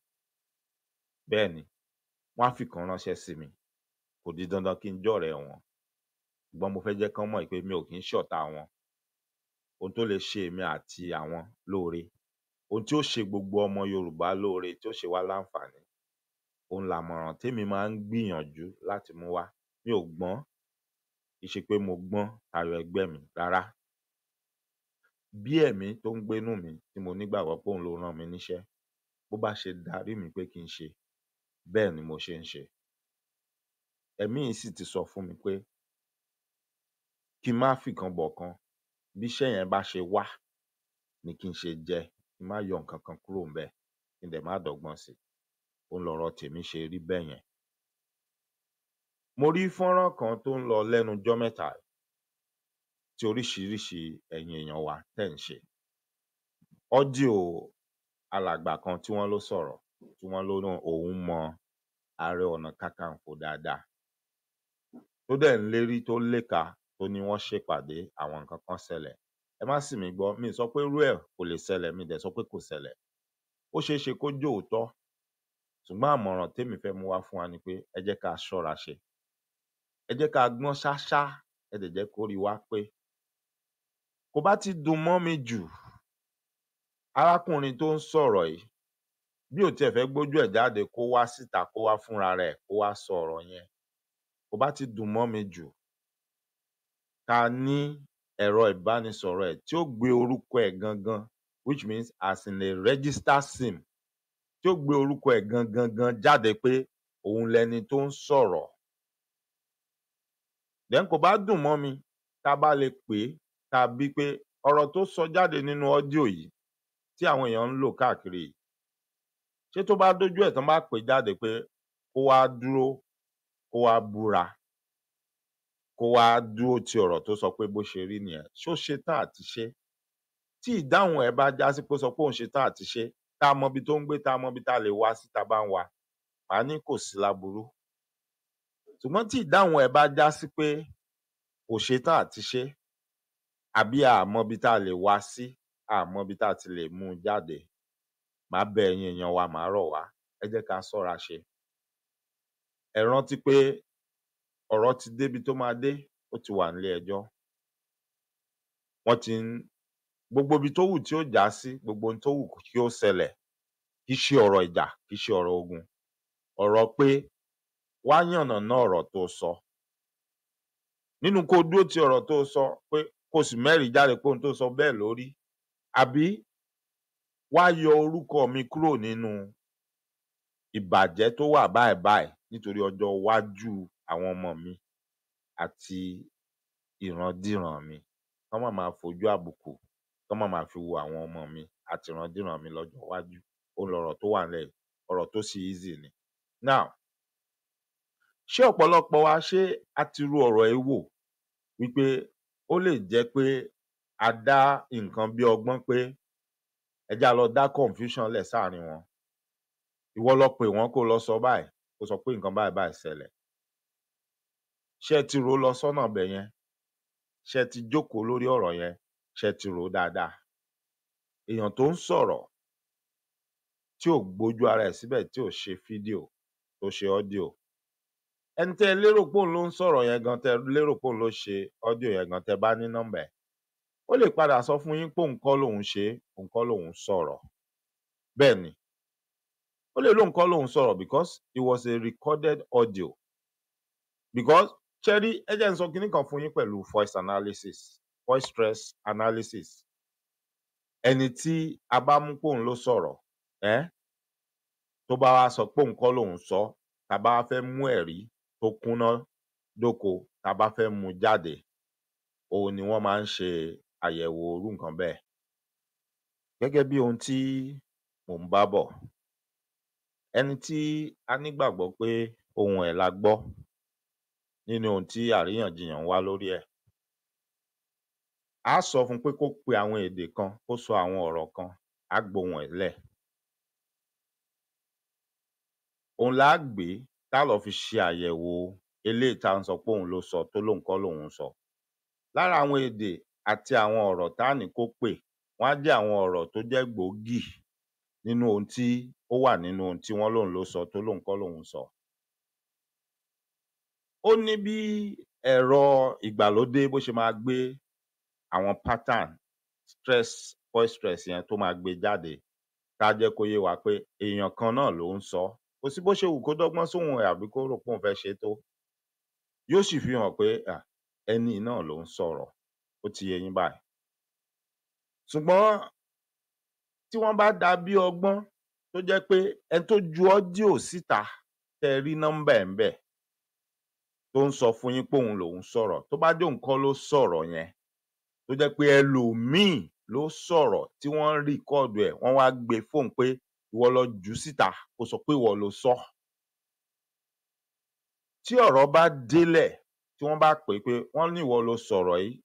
Speaker 2: Bẹ́ẹ̀ni, wọ́n á fìkan ránṣẹ́ sí mi. Kò di dandan kí n jọ́rẹ̀ẹ́ wọn ṣùgbọ́n mo fẹ́ jẹ́ kán mọ̀ wí pé mi ò kí ń ṣọ̀tá wọn. Ohun tó lè ṣe èmi àti àwọn lóore, ohun tí ó ṣe gbogbo ọmọ Yorùbá lóore, tí ó ṣe wá láǹfààní òhun làmọ̀ràn témi máa ń gbìyànjú láti mú wá. Mi ò gbọ́n, kì í ṣe pé mo gbọ́n tayọ ẹgbẹ́ mi rárá bí ẹ̀mí tó ń gbénú mi tí mo nígbàgbọ́ pé òun ló rán mi níṣẹ́, bó bá ṣe darí mi pé kí n ṣe bẹ́ẹ̀ ni mo ṣe ń ṣe. Ẹ̀mí yìí sì ti sọ fún mi pé kí n má fìkan bọ̀kan, bí iṣẹ́ yẹn bá ṣe wá ni kí n ṣe jẹ, kí n má yọ nǹkan kúrò ńbẹ̀, kí n dẹ̀ má dọ́gbọ́n si. Òun lọ̀rọ̀ tèmi ṣe rí bẹ́yẹn. Mo rí fọ́nrán kan tó ń lọ lẹ́nu jọ́ mẹ́ta tí oríṣiríṣi ẹ̀yin èèyàn wa tẹ́ ẹ̀ ń ṣe. Ọ́díò alàgbà kan tí wọ́n ló sọ̀rọ̀ tí wọ́n ló ní òun mọ Ààrẹ Ọ̀nà Kakanfò dáadáa tó dẹ̀ ń lérí tó léka tó ní wọ́n ṣèpàdé àwọn nǹkan kan ṣẹlẹ̀. Ẹ má sì mí gbọ́, mi ì sọ pé irú ẹ̀ kò lè ṣẹlẹ̀, mi ì dẹ̀ sọ pé kò ṣẹlẹ̀. Ó ṣeé ṣe kó jóòótọ́ ṣùgbọ́n àmọ̀ràn témi fẹ́ mú wá fún wa ni pé ẹ jẹ́ ká ṣọ́ra ṣe, ẹ jẹ́ ká gbọ́n ṣáṣá ẹ dẹ̀ jẹ́ kórí wa pé kò bá ti dùn mọ́ mi jù arákùnrin tó ń sọ̀rọ̀ yìí bí ò tiẹ̀ fẹ́ gbójú ẹ̀ jáde kó wá síta kó wá fúnra rẹ̀ kó wá sọ yẹn kò bá ti dùn mọ́ mi jù ká ní ẹ̀rọ ìbánisọ̀rọ̀ ẹ̀ tí ó gbé orúkọ ẹ̀ gangan which means as in a register sim tí ó gbé orúkọ ẹ̀ gangan gan jáde pé òun lẹni tó ń sọ̀rọ̀ then kò bá dùn mọ́ mi tá bá lè pè é tàbí pé ọ̀rọ̀ tó sọ jáde nínú ọ́díò yìí tí àwọn èèyàn ń lò káàkiri yìí ṣé tó bá dójú ẹ̀ tán bá pè jáde pé kó wáá dúró kó wáá búra kó wáá dúró ti ọ̀rọ̀ tó sọ pé bó ṣe rí nìyẹn ṣó ṣe tán àti ṣe tí ìdáhùn ẹ̀ bá já sí pé sọ pé òun ṣe tán àti ṣe tá a mọbi tó ń gbé tá a mọbi tá a lè wá sí tá bá ń wá a ní kò sí láburú ṣùgbọ́n tí ìdáhùn ẹ̀ bá já sí pé kò ṣe tán àti ṣe àbí a ò mọbi tá a lè wa sí, a ò mọbi tá a ti lè mú un jáde. Màá bẹ ẹ̀yin èèyàn wa màá rọ̀ wá, ẹ jẹ́ ká ṣọ́ra ṣe. Ẹ rántí pé ọ̀rọ̀ ti débi tó máa dé, ó ti wà nílé-ẹjọ́. Wọ́n ti ń, gbogbo ibi tó wù tí yóò já sí, gbogbo ohun tó wù kí ó ṣẹlẹ̀, kì í ṣe ọ̀rọ̀ ìjà, kì í ṣe ọ̀rọ̀ ogun. Ọ̀rọ̀ pé wá yànnàná ọ̀rọ̀ tó o sọ. Nínú kó dúró ti ọ̀rọ̀ tó sọ pé kó sì mẹ́rìí jáde pé ohun tó sọ bẹ́ẹ̀ lórí àbí wá yọ orúkọ mi kúrò nínú ìbàjẹ́ tó wà báyìí báyìí nítorí ọjọ́ iwájú àwọn ọmọ mi àti ìrandíran mi kán má máa fojú àbùkù kán má máa fi wo àwọn ọmọ mi àti ìrandíran mi lọ́jọ́ iwájú òun lọ̀rọ̀ tó wà nílẹ̀ yìí ọ̀rọ̀ tó sì easy ni. now ṣé ọ̀pọ̀lọpọ̀ wa ṣé a ti ru ọ̀rọ̀ yìí wò wí ó lè jẹ́ pé a dá nǹkan bí ọgbọ́n pé ẹ já lọ dá confusion lẹ̀ sáàrin wọn ìwọ lọ pè wọ́n kó lọ sọ báyìí kó sọ pé nǹkan báyìí báyìí ṣẹlẹ̀ ṣé ẹ ti rò ó lọ sọ́nà bẹ̀ yẹn ṣé ẹ ti jókòó lórí ọ̀rọ̀ yẹn ṣé ti rò dáadáa èèyàn tó ń sọ̀rọ̀ tí ò gbójú ara ẹ̀ síbẹ̀ tí ò ṣe fídíò tó ṣe ọ́díò ẹni tẹ lérò pé òun ló ń sọ̀rọ̀ yẹn gan tẹ lérò pé òun ló ṣe ọdíò yẹn gan tẹ bá ní nọ́mbà ẹ̀ ó lè padà sọ fún yín pé òun kọ́ lòun ṣe òun lòun sọ̀rọ̀ bẹ́ẹ̀ ni ó lè lóun kọ́ lòun sọ̀rọ̀ because it was a recorded audio because Cherry, ẹ jẹ́ n sọ kinní kan fún yín pẹ̀lú voice analysis voice stress analysis ẹni tí a bá mú pé òun ló sọ̀rọ̀ ẹ́ tó bá wá sọ pé òun lòun sọ tàbá wá fẹ́ mú ẹ̀rí tó kúnná dóko tá a bá fẹ́ mú jáde òhun ni wọ́n máa ń ṣe àyẹ̀wò irú nǹkan bẹ́ẹ̀. Gẹ́gẹ́ bí ohun tí mò ń bá bọ̀, ẹni tí a nígbàgbọ́ pé ohùn ẹ̀ la gbọ́ nínú ohun tí àríyànjiyàn ń wá lórí ẹ̀, á sọ fún pé kó pe àwọn èdè kan, kó sọ àwọn ọ̀rọ̀ kan, á gbohùn ẹ̀ lẹ̀. Òhun la á gbé tá a lọ fi ṣe àyẹ̀wò eléyìí tá à ń sọ pé òun ló sọ tó lóun kọ́ lòun sọ. Lára àwọn èdè àti àwọn ọ̀rọ̀ tá à ní kó pè wọ́n á jẹ́ àwọn ọ̀rọ̀ tó jẹ́ gbòógì nínú ohun tí ó wà nínú ohun tí wọ́n lóun ló sọ tó lóun kọ́ lòun sọ. Ó ní bí ẹ̀rọ ìgbàlódé bó ṣe máa gbé àwọn pattern stress voice stress yẹn tó máa gbé e jáde tá á jẹ́ kó yé wa pé èèyàn kan náà ló ń sọ kò sí bó ṣe wù kó dọ́gbọ́n sóhun ẹ̀ àbí kó rò pé òun fẹ́ ṣe tó yóò sì fi hàn pé ẹni náà ló ń sọ̀rọ̀ ó ti yé yín báyìí ṣùgbọ́n tí wọ́n bá dà bí ọgbọ́n tó jẹ́ pé ẹni tó ju ọ́díò síta tẹ́ ẹ rí nọ́mbà ẹ̀ ń bẹ̀ tó ń sọ fún yín pé òun lòun sọ̀rọ̀ tó bá dé nǹkan ló sọ̀rọ̀ yẹn tó jẹ́ pé ẹlòmíì ló sọ̀rọ̀ tí wọ́n ń rìkọ́ọ̀dù ẹ̀ wọ́n wá gbé e fóun pé ìwọ ló jù ú síta kó sọ pé ìwọ ló sọ tí ọ̀rọ̀ bá délẹ̀ tí wọ́n bá pè é pé wọ́n ní ìwọ ló sọ̀rọ̀ yìí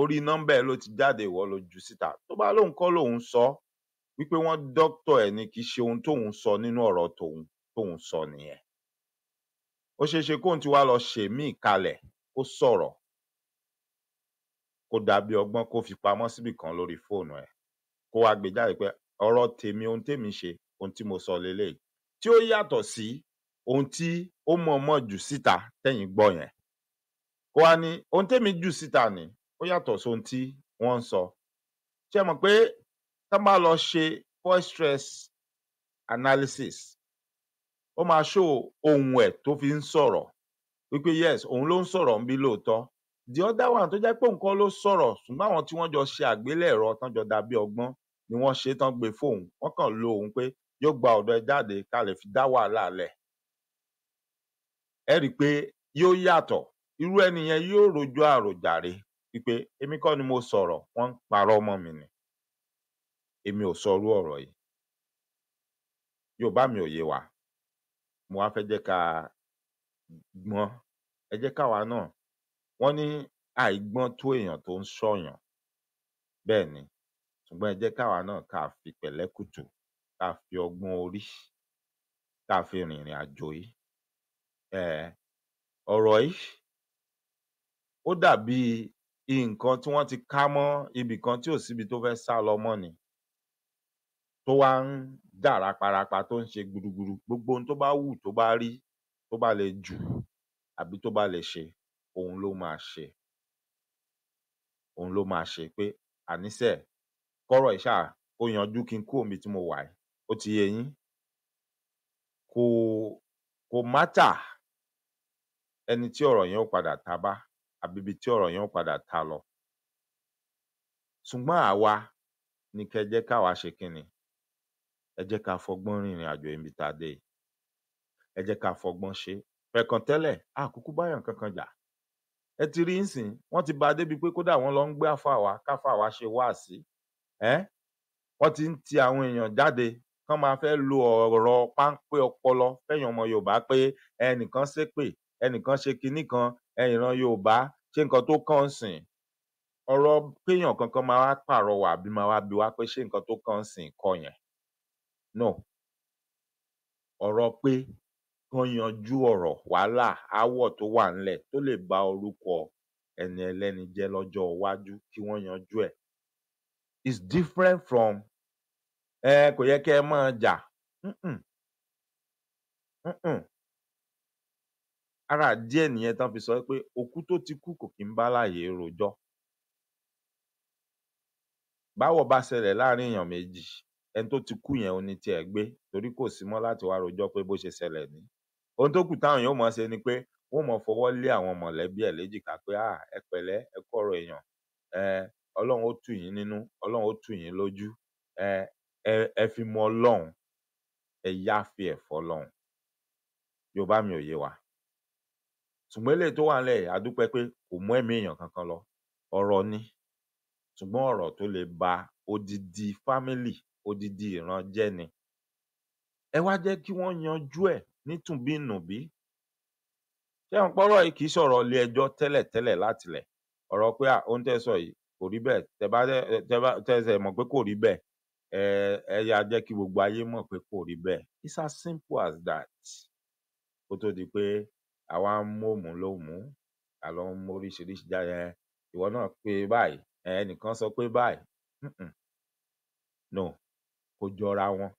Speaker 2: orí nọ́mbà ẹ ló ti jáde ìwọ ló jù ú síta tó bá lóun kọ́ lòun sọ wípé wọ́n dọ́kítọ̀ ẹ̀ ni kì í ṣe ohun tóun sọ nínú ọ̀rọ̀ tóun tóun sọ nìyẹn ó ṣeé ṣe kóun ti wá lọ ṣèmíì kalẹ̀ kó sọ̀rọ̀ kó dàbí ọgbọ́n kó fi pamọ́ síbì kan lórí fóònù ẹ̀ kó wá gbé jáde pé ọ̀rọ̀ tèmi ohun tèmi ṣe ohun tí mo sọ leléyìí tí ó yàtọ̀ sí ohun tí ó mọ̀ọ́mọ̀ jù síta tẹ̀yin gbọ́ yẹn kó wá ní ohun tèmi jù síta ni ó yàtọ̀ sí ohun tí wọ́n ń sọ ṣé mọ̀ pé tá bá lọ ṣe voice stress analysis ó máa ṣó ohun ẹ̀ tó fi ń sọ̀rọ̀ wípé yes òun ló ń sọ̀rọ̀ ń bí lóòótọ́ the other one tó jẹ́ pé nǹkan ló sọ̀rọ̀ ṣùgbọ́n àwọn tí wọ́n jọ ṣe àgbélẹ̀rọ tán jọ dàbí ọgbọ́n ni wọn ṣe tán gbé fóun wọn kàn lo òun pé yóò gba ọdọ ẹ jáde ká lè fi dá wàhálà lẹ ẹ rí i pé yóò yàtọ̀ irú ẹni yẹn yóò rojọ́ àròjàre wípé èmi kọ́ ni mo sọ̀rọ̀ wọ́n ń parọ́ mọ́ mi ni èmi ò sọrú ọ̀rọ̀ yìí yorùbá mi ò yé wa mo wá fẹ́ jẹ́ ká gbọ́n ẹ jẹ́ káwa náà wọ́n ní àìgbọ́n tó èèyàn tó ń ṣọ̀yàn bẹ́ẹ̀ ni ṣùgbọn ẹ jẹ káwa náà káa fi pẹlẹkùtù káa fi ọgbọn orí káa fi rin ìrìnàjò yìí um ọrọ yìí ó dà bíi nǹkan tí wọn ti ká mọ ibìkan tí ò síbi tó fẹẹ sálọ mọ ni tó wá ń jà raparapa tó ń ṣe gbudugburu gbogbo ohun tó bá wù tó bá rí tó bá le jù àbí tó bá le ṣe òun ló máa ṣe òun ló máa ṣe pé ànísè kọ́rọ̀ yìí ṣáà kó yanjú kí n kúrò níbi tí mo wà yìí ó ti yé yín kò kò mátà ẹni tí ọ̀rọ̀ yẹn ó padà ta bá àbí tí ọ̀rọ̀ yẹn ó padà ta lọ ṣùgbọ́n àwa ni kẹ́ jẹ́ káwa ṣe kí ni ẹ jẹ́ ká fọgbọ́n rìnrìn àjò ibi tá a dé yìí ẹ jẹ́ ká fọgbọ́n ṣe fẹ̀kàn tẹ́lẹ̀ àkúkú báyọ̀ kankan jà ẹ ti rí nsìn wọ́n ti ba débi pé kódà wọ́n lọ ń gbé àfàwà káfàwà ṣe wáàsí wọ́n ti ń ti àwọn èèyàn jáde kán máa fẹ́ lo ọ̀rọ̀ páńpẹ́ ọpọlọ fẹ́yàn ọmọ Yorùbá pé ẹnìkan ṣépè ẹnìkan ṣe kinní kan ìran Yorùbá ṣé nǹkan tó kàn ń sìn ọ̀rọ̀ kéèyàn kankan máa wá pàrọwà àbí máa wá bi wá pé ṣé nǹkan tó kàn sìn kọ́ yẹn no ọ̀rọ̀ pé kán yanjú ọ̀rọ̀ wàhálà aáwọ̀ tó wà ńlẹ̀ tó lè ba orúkọ ẹni ẹlẹ́ni jẹ́ lọ́jọ́ iwájú kí wọ́n yanjú ẹ̀ is different from eh, kò yẹ kẹ́ ẹ máa jà ara díẹ̀ nìyẹn tán fi sọ pé òkú tó ti kú kò kí ń bá láàyè rojọ́ báwọ̀ bá ṣẹlẹ̀ láàrin èèyàn méjì ẹni tó ti kú yẹn ò ní tiẹ̀ gbé torí kò sí mọ́ láti wá rojọ́ pé bó ṣe ṣẹlẹ̀ ni. ohun tó kù táwọn yóò mọ̀ ṣe ni pé wọ́n ò mọ fọwọ́ lé àwọn mọ̀lẹ́bí ẹ̀ léjìká pé ẹ pẹ̀lẹ́ ẹ kọ̀rọ̀ ọ̀rọ̀ èèyàn ọlọ́run ó tù yín nínú ọlọ́run ó tù yín lójú ẹ ẹ ẹ fi mọ ọlọ́run ẹ yááfì ẹ̀ fọlọ́run yorùbá mi ò yé wa ṣùgbọ́n eléyìí tó wà ńlẹ̀ yìí a dúpẹ́ pé kò mú ẹ̀mí èèyàn kankan lọ ọ̀rọ̀ ni ṣùgbọ́n ọ̀rọ̀ tó lè ba odidi fámílì odidi ìran jẹ́ ni ẹ wá jẹ́ kí wọ́n yanjú ẹ̀ nítùnbíǹnùbí ṣé ẹ mọ̀ pé yìí kì í ṣọ̀rọ̀ ilé ẹjọ́ tẹ́lẹ̀tẹ́lẹ̀ látilẹ̀ ọ̀rọ̀ pé à ohun tẹ́ sọ yìí kò rí bẹ́ẹ̀ tẹ bá tẹ bá tẹsẹ mọ̀ pé kò rí bẹ́ẹ̀ ẹ ẹ yà jẹ́ kí gbogbo ayé mọ̀ pé kò rí bẹ́ẹ̀ it's as simple as that kó tó di pé àwa ń mòmù lómù à lọ ń móríṣiríṣi jáde ìwọ náà pé báyìí ẹnìkan sọ pé báyìí no kò jọra wọn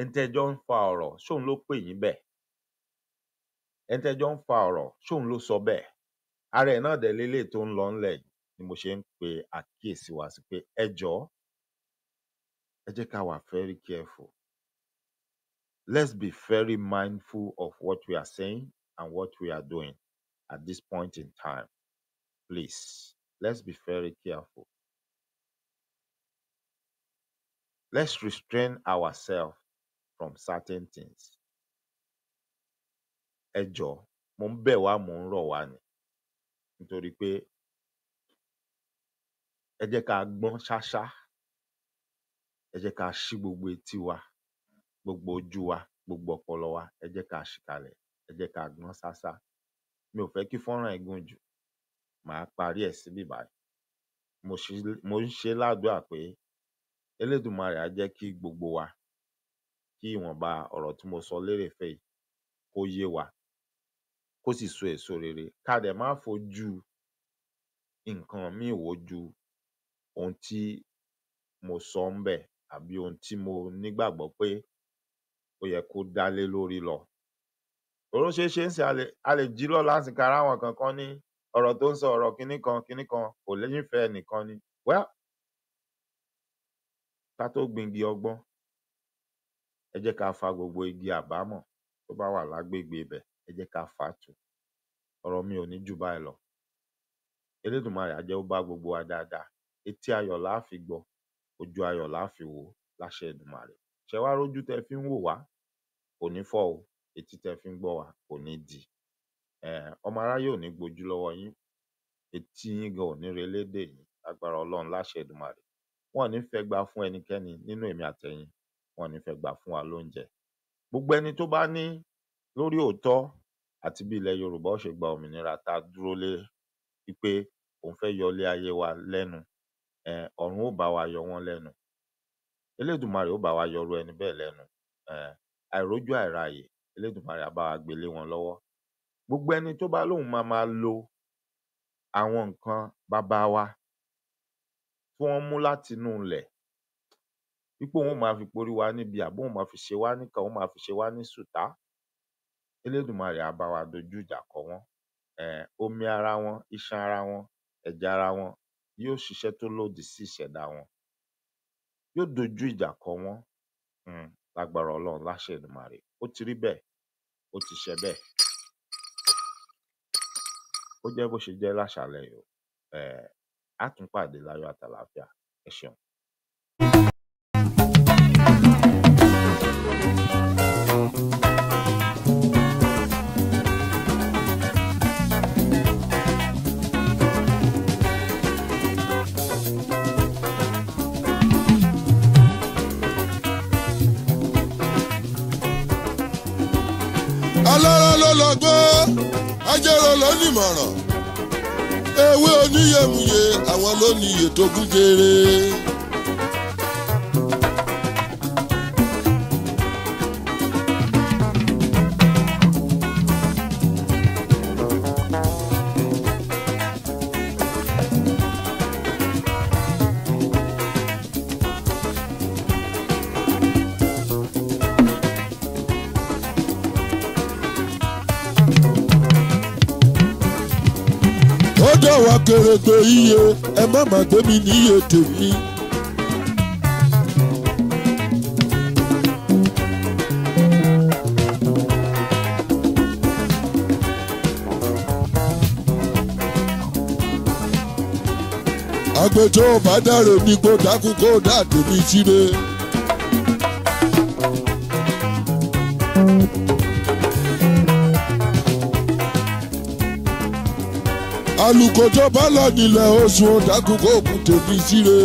Speaker 2: ẹnitẹjọ ń fa ọ̀rọ̀ ṣóun ló pè yín bẹ́ẹ̀ ẹnitẹjọ ń fa ọ̀rọ̀ ṣóun ló sọ bẹ́ẹ̀ ara ẹ náà dẹ lélẹ tó ń lọ ńlẹ yìí ni mo ṣe ń pe àkíyèsí wa sí pé ẹ jọ̀ọ́ ẹ jẹ́ ká wà very careful. Let's be very mindful of what we are saying and what we are doing at this point in time. Please, let's be very careful. Let's restrain ourselves from certain things. Ẹ jọ̀ọ́, mo ń bẹ̀ wá, mo ń rọ̀ wá ni nítorí pé ẹ jẹ́ ká gbọ́n ṣáṣá ẹ jẹ́ ká ṣí gbogbo etí wa gbogbo ojú wa gbogbo ọpọlọ wa ẹ jẹ́ ká ṣí kalẹ̀ ẹ jẹ́ ká gbọ́n ṣáṣá mi ò fẹ́ kí fọ́nrán yìí gùn jù màá parí ẹ̀ síbí báyìí mo ń ṣe é ládùúrà pé elédùmarè á jẹ́ kí gbogbo wa kí ìwọ̀nba ọ̀rọ̀ tí mo sọ lérèfé yìí kó yé wa kó sì so èso rere ká dẹ̀ má fojú nǹkan míì wò ju ohun tí mo sọ ńbẹ̀ àbí ohun tí mo nígbàgbọ́ pé ó yẹ kó dá lé lórí lọ. Torí ó ṣeé ṣe ńsìnyí a lè a lè jí lọ́la ńsìnyí ka ráwọn kan kán ní ọ̀rọ̀ tó ń sọ ọ̀rọ̀ kinní kan kinní kan kò nífẹ̀ẹ́ ẹnìkan ni well ká tó gbingi ọgbọ́n ẹ jẹ́ ká fa gbogbo igi àbámọ̀ tó bá wà lágbègbè ibẹ̀ ẹ jẹ́ ká fà á tu. mi ò ní jù báyìí lọ. Elédùmarè á bá gbogbo wa dáadáa etí ayọ̀ la fi gbọ́ ojú ayọ̀ la fi wò láṣẹ Èdùmàrè ṣẹ wá rójú tẹ fi ń wò wá kò ní fọ́ o etí tẹ fi ń gbọ́ wa kò ní di um ọmọ aráyé ò ní gbojú lọ́wọ́ yín etí yín gan ò ní relédè yín lágbára Ọlọ́run láṣẹ Èdùmàrè wọn ò ní fẹgba fún ẹnikẹ́ni nínú èmi àtẹ̀yin wọn ò ní fẹgba fún wa lóúnjẹ gbogbo ẹni tó bá ní lórí òótọ́ àti bí ilẹ̀ Yorùbá ó ṣe gba òmìnira tá a dúró lé wí òun fẹ́ yọ ilé ayé wa lẹ́nu um ọ̀run ó bá wa yọ wọ́n lẹ́nu. Elédùmarè ó bá wa yọ irú ẹni bẹ́ẹ̀ lẹ́nu um àìrójú àìráàyè Elédùmarè á bá wọn lọ́wọ́. Gbogbo ẹni tó bá lóun ma ma lo àwọn nǹkan baba wa tí wọ́n mú látinú ilẹ̀ wí pé òun ó máa fi porí wa níbi àbí òun ó máa fi ṣe wá níkà, òun máa fi ṣe wá ní sùtá, Elédùmarè á dojú ìjà kọ wọ́n um omi ara wọn, iṣan ara wọn, ẹ̀jẹ̀ ara wọn yóò ṣiṣẹ́ tó lòdì sí ìṣẹ̀dá wọn, yóò dojú ìjà kọ wọ́n um lágbára Ọlọ́run láṣẹ Èdùmàrè. Ó ti rí bẹ́ẹ̀, ó ti ṣẹ bẹ́ẹ̀. Ó jẹ́ bó ṣe jẹ́ láṣàálẹ́ yìí o. um eh, Á tún pàdé láyọ̀ àtàlàáfíà. Ẹ ṣeun.
Speaker 3: onímọ̀ràn ewé oníyèmùyè àwọn lónìí ètò gúgéré. òrègbè iye ẹ má má gbé mi níye tèmi. agbẹjọ́ bá dáre ní kó dákú kó dá tèmi síre. alùkòjó bọ́lọ̀ nílẹ̀ oṣù ọ̀dàkùn kò kù tèmi síre.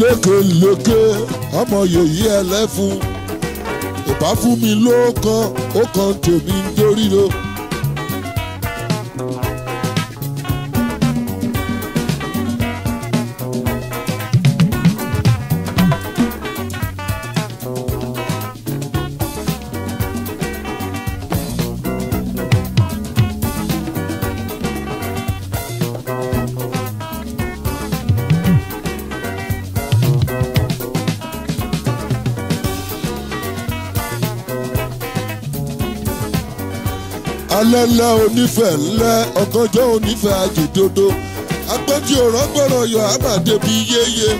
Speaker 3: lékeleke ọmọ yòyí ẹlẹ́fun ìbá fún mi ló ó kàn tèmi ń dorí lo. alẹ́lẹ́ onífẹ̀ẹ́ ńlẹ́ ọ̀gànjọ́ onífẹ̀ẹ́ àjèjòdò agbẹ́jì òrọ́gbọ̀rọ̀ yọ àmàdébí yéye.